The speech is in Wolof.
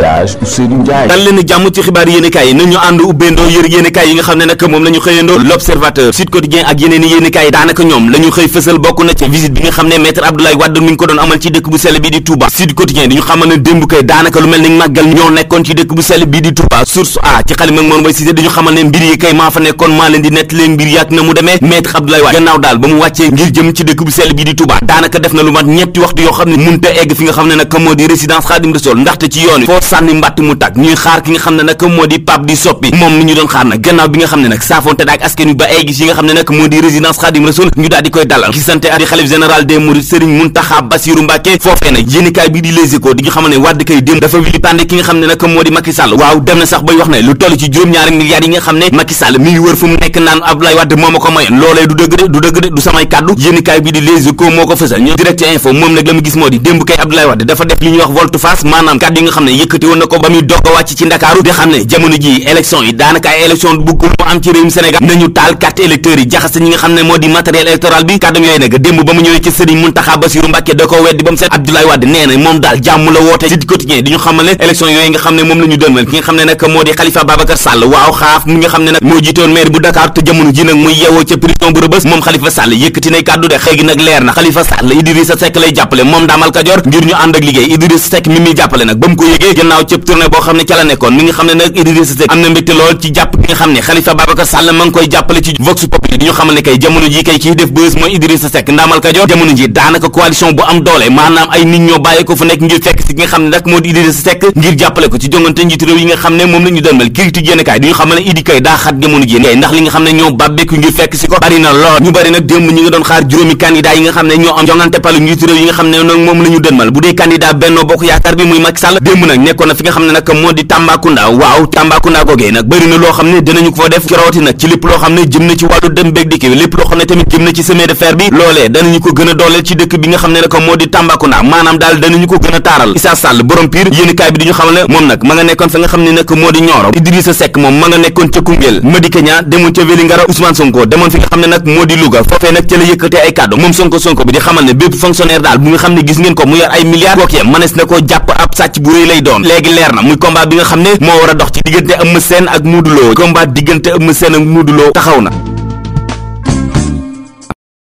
El Hadj Ousseynou Ndiaye dal leen jàmm ci xibaar yéenekaay yi nañu ànd ubbeendoo yër yéenekaay yi nga xam ne nag moom la ñu xëyandoo l'Observateur Sud Quotidien ak yeneen i yi daanaka ñoom la xëy fësal bokk na ci visite bi nga xam ne maître Abdoulaye Wade mi ngi ko doon amal ci dëkk bu sell bi di Touba Sud Quotidien di xamal ne démb kay daanaka lu mel ni màggal ñoo nekkoon ci dëkk bu sell bi di Touba source a ci xalima moom bay Cissé dañu xamal ne mbir yi kay maa sànni mbàtt mu tàgg ñuy xaar ki nga xam ne nag moo di Pape di soppi moom mi ñu doon xaar nag gannaaw bi nga xam ne nag moo di résidence Khadim di koy dalal ci sante ngi wër fu mu nekk naan Abdoulaye Wade moo ma ko mayoon loolee du dëgg de du dëgg de du samay kàddu yéenekaay bi di Les Échos moo ko fësal ñu direct info moom nag la mu gis moo di démb kay Abdoulaye Wade dafa def li ñuy wax volte face maanaam kàddu yi nga xam ne yëkk yëkkati woon na ko ba muy doog a wàcc ci ndakaaru di xam ne jamono ji élection yi daanaka ay élection buggul mu am ci réewum Sénégal nañu taal carte électeurs yi jaxase ñi nga xam ne moo di matériel électoral bi kàddum yooyu nag démb ba mu ñëwee ci sëriñ nee na moom daal jàmm la woote ci quotidien di ñu xamal ne élection yooyu nga xam ne moom la ñu dënmal ki nga xam ne nag moo di Xalifa Babacar Sall waaw xaaf mi nga xam ne nag moo jiitoon maire bu Dakar te jamono ji nag muy yewoo ca prison bu rëbës na Xalifa Sall Idrissa Seck lay jàppale moom daamal Kajoor ngir gannaaw cëb tournée boo xam ne ca la nekkoon mi nga xam ne nag Idrissa Seck am na mbégte lool ci jàpp gi nga xam ne Khalifa Babacar Sall ma ngi koy jàppale ci Vox Populi di ñu xamal ne kay jamono ji kay kii def bës mooy Idrissa Seck ndaamal Kajoor jamono ji daanaka coalition bu am doole maanaam ay nit ñoo bàyyi ko fu nekk ngir fekk si ki nga xam ne nag moo di Idrissa Seck ngir jàppale ko ci jongante njiitu réew yi nga xam ne moom la ñu dënmal critique yéen kaay di ñu xamal ne Idi kay daa xat jamono ji ngay ndax li nga xam ne ñoo bàbbeeku ngir fekk si ko bari na lool ñu bari nag démb ñu ngi doon xaar juróomi candidat yi nga xam ne ñoo am jongante palu njiitu réew yi nga xam ne nag moom la ñu dënmal bu dee candidat Benno Bokk Yaakaar bi muy Macky Sall démb nag ko fi nga xam ne nag moo di Tambacounda waaw Tambacounda googee nag bëri loo xam ne dinañu ko fa def rawati nag ci lépp loo xam ne jëm na ci wàllu dem béeg dikk bi lépp loo xam ne tamit jëm na ci chemin de fer bi loolee danañu ko a dooleel ci di a Sall borom piir yéenekaay bi di ñu xamal ne moom nag ma nga nekkoon fa nga xam ne nag moo di Nioro Idrissa Seck moom ma nga nekkoon ca Koungheul Madické demoon ca Vélingara Ousmane Sonko demoon fi nga xam ne nag moo di luga foofee nag ca la yëkkatee ay kàddu moom Sonko Sonko bi di xamal ne bépp fonctionnaire daal bu nga xam ne gis ngeen ko mu yor ay milliards kookee mënees na ko jàpp ab sàcc bu réy lay léegi leer na mu combat bi nga xam ne moo war a dox ci diggante Eumeu Sène ak Modou Lo combat diggante Eumeu Sène ak Modou Lo taxaw na